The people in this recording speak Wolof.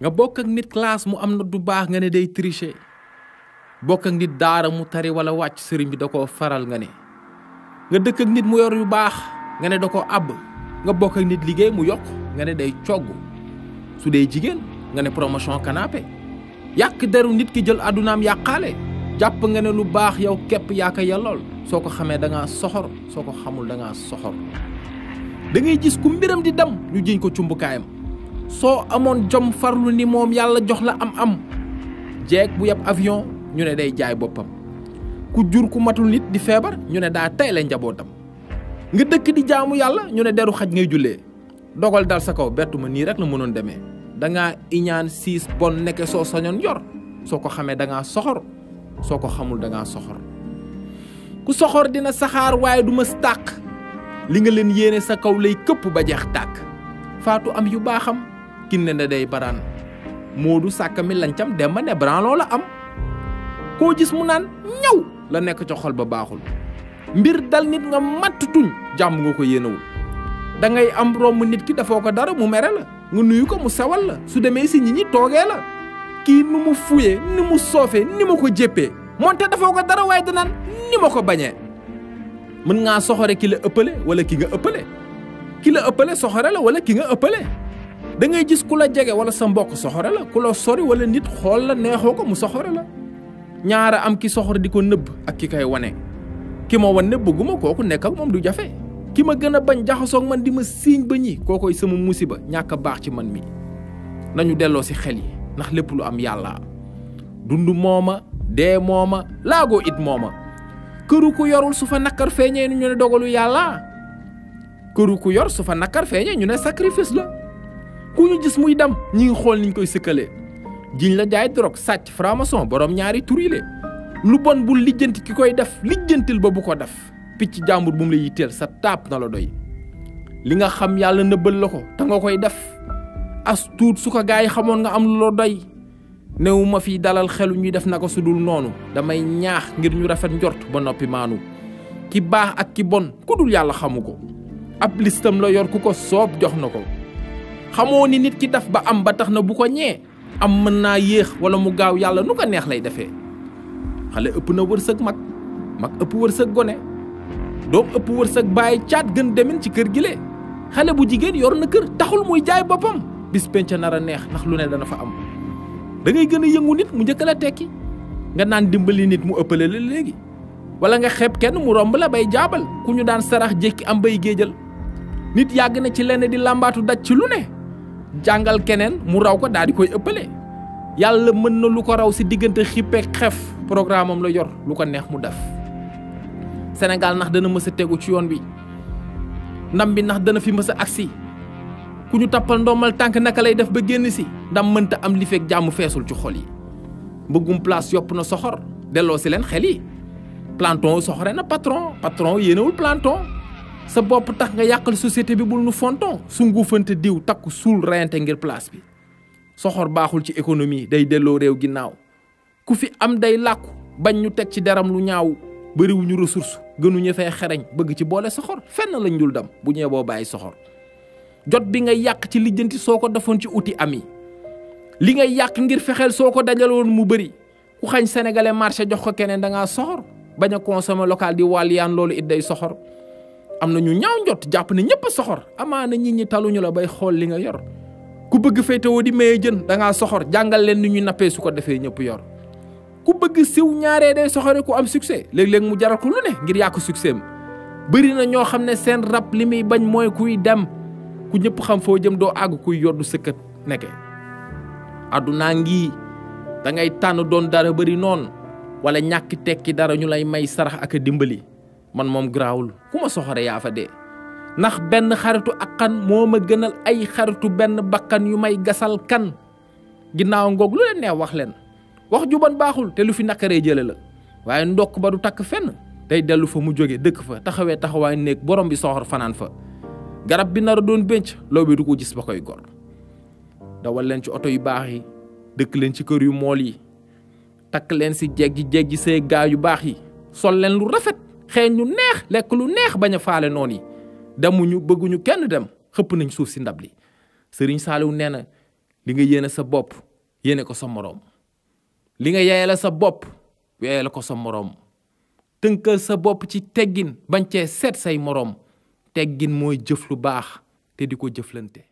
nga bokk ak nit classe mu am na du baax nga ne day tricher bokk ak nit daara mu tari wala wàcc sëriñ bi da faral nga ne nga dëkk ak nit mu yor yu baax nga ne da koo nga bokk ak nit liggéey mu yokk nga ne day cogg su dee jigéen nga ne promotion canapé yàq deru nit ki jël àddunaam yàqaale jàpp nga ne lu baax yow képp yaa ko yellool soo ko xamee da ngaa soxor soo ko xamul da soxor da ngay gis ku mbiram di dem ñu jiñ ko cumbukaayam so amoon jom farlu ni mom yalla jox la am am jek bu yeb avion ñu ne day jaay bopam ku jur ku matul nit di febar ñu ne da tay la njabotam nga dekk di jaamu yalla ñu ne deru xaj ngay julle dogal dal sa kaw bettu ni rek la démé da nga iñaan 6 bon nekk so sañoon yor soko xamé da nga soxor soko xamul da nga soxor ku soxor dina saxar waaye du mës tàq li nga len yene sa kaw lay këpp ba jeex tak fatu am yu baxam kinne ne modus baran modou sakami lancam demba ne bran la am ko gis mu nan ñew la nek ci xol ba baxul mbir dal nit nga matt tuñ nga ko yéenawul da ngay am rom nit ki dafoo ko dara mu mere la nga nuyu ko mu sawal la su demee ci nit ñi toogee la ki nu mu fuyé nu mu sofé ni ko jéppee monte ko dara da nan ni mako ko mën nga soxoré ki la ëppalé wala ki nga ëppalé ki la ëppalé soxoré la wala ki nga ëppalé da ngay gis kula jégué wala sa mbokk soxore la kula sori wala nit xol la neexoo ko mu soxore la ñaara am ki soxor diko neub ak ki kay wone ki mo wone bëgguma du jafé ki ma gëna bañ ak man di ma ba ñi sama musiba ñàkk baax ci man mi nañu delloo ci xel yi ndax lepp lu am yalla dundu moma de moma lago it moma këru ku yorul su fa nakkar ñu ne dogalu yalla këru ku yor su fa ñu ne sacrifice la ku ñu gis muy dem ñu ngi xool niñ koy sëkkalee jiñ la jaay drogue sàcc franc-maçon borom ñaari turile lu bon bul lijjant ki koy def lijjantil ba bu ko def picc jàmbur bu mu la yitteel sa taab na la doy li nga xam yàlla nëbbal la ko te koy def as su ko gaa yi xamoon nga am lu la doy néew fi dalal xelu ñuy def naka su dul noonu damay ñaax ngir ñu rafet njort ba noppi maanu ki baax ak ki bon ku dul yàlla xamu ko ab listam la yor ku ko soob jox na ko xamoo ni nit ki daf ba am ba tax na bu ko ñee am mën naa yéex wala mu gaaw yàlla nu ko neex lay defee xale ëpp na wërsëg mag mag ëpp wërsëg gone doom ëpp wërsëg bàyyi caat gën demin ci kër gi le xale bu jigéen yor na kër taxul muy jaay boppam bis penc nar a neex ndax lu ne dana fa am dangay gën a yëngu nit mu njëkk a tekki nga naan dimbali nit mu ëppale la léegi wala nga xeeb kenn mu romb la bay jaabal ku ñu daan sarax jékki am bay géejal nit yàgg na ci lenn di làmbaatu daj ci lu ne jàngal keneen mu raw ko daal di koy ëppale yàlla mën na lu ko raw si diggante xippeek xef programme am la yor lu ko neex mu def Sénégal nax dana mës a tegu ci yoon bi ndam bi nax dana fi mës a agsi ku ñu tappal ndoomal tànk naka lay def ba génn si ndam mënta am li fekk jàmm feesul ci xol yi mbëggum place yopp na soxor delloo si leen xel yi planton soxore na patron patron yéenewul planton sa bop tax nga yakal société bi bul nu fonton su nguufante diw takku sul reyante ngir place bi soxor baxul ci économie day delo rew ginnaw ku fi am day laku bañ ñu tek ci daram lu ñaaw bëriwuñu ressource gënuñu fay xereñ bëgg ci boole soxor fenn lañ dul dam bu ñe bo bay soxor jot bi nga yak ci lijeenti soko ko ci uti ami. li nga yak ngir fexel soko dajal won mu bari ku xagn sénégalais marché jox ko kenen da nga soxor baña consommer local di walian lolu loolu it day soxor am na ñu ñaaw njot jàpp na ñëpp soxor amaana nit ñi taluñu la bay xool li nga yor ku bëgg féetewoo di maye jën da ngaa soxor jàngal leen ni ñu nappee su ko defee ñëpp yor ku bëgg siw ñaaree day soxore ku am succès léeg-léeg mu jaral ko lu ne ngir yàq succès am bëri na ñoo xam ne seen rab li muy bañ mooy kuy dem ku ñëpp xam foo jëm doo àgg kuy yoddu sëkkat nekke àddunaa ngi da ngay tànn doon dara bëri noon wala ñàkk tekki dara ñu lay may sarax ak a dimbali man moom graawul ku ma soxore yaa fa dee ndax benn xaritu akkan moo ma gënal ay xaritu benn bakkan yu may gasal kan ginnaaw ngoog lu leen neex wax leen wax ju bon baaxul te lu fi nakaree jële la waaye ndokk ba du takk fenn tey dellu fa mu jóge dëkk fa taxawee taxawaay néeg borom bi soxor fanaan fa garab bi nar a doon bénc loo bi du ko gis ba koy gor dawal leen ci oto yu baax yi dëkk leen ci kër yu mool yi takk leen si jeggi jeggi see gaa yu baax yi sol leen lu rafet xeeñ lu neex lekk lu neex bañ a faale noonu yi demuñu bëgguñu kenn dem xëpp nañ suuf si ndab li sëriñ Saaliw nee na li nga yéene sa bopp yéene ko sa moroom li nga yeyale sa bopp yeyale ko sa moroom tënkal sa bopp ci teggin bañ cee seet say moroom teggin mooy jëf lu baax te di ko jëflante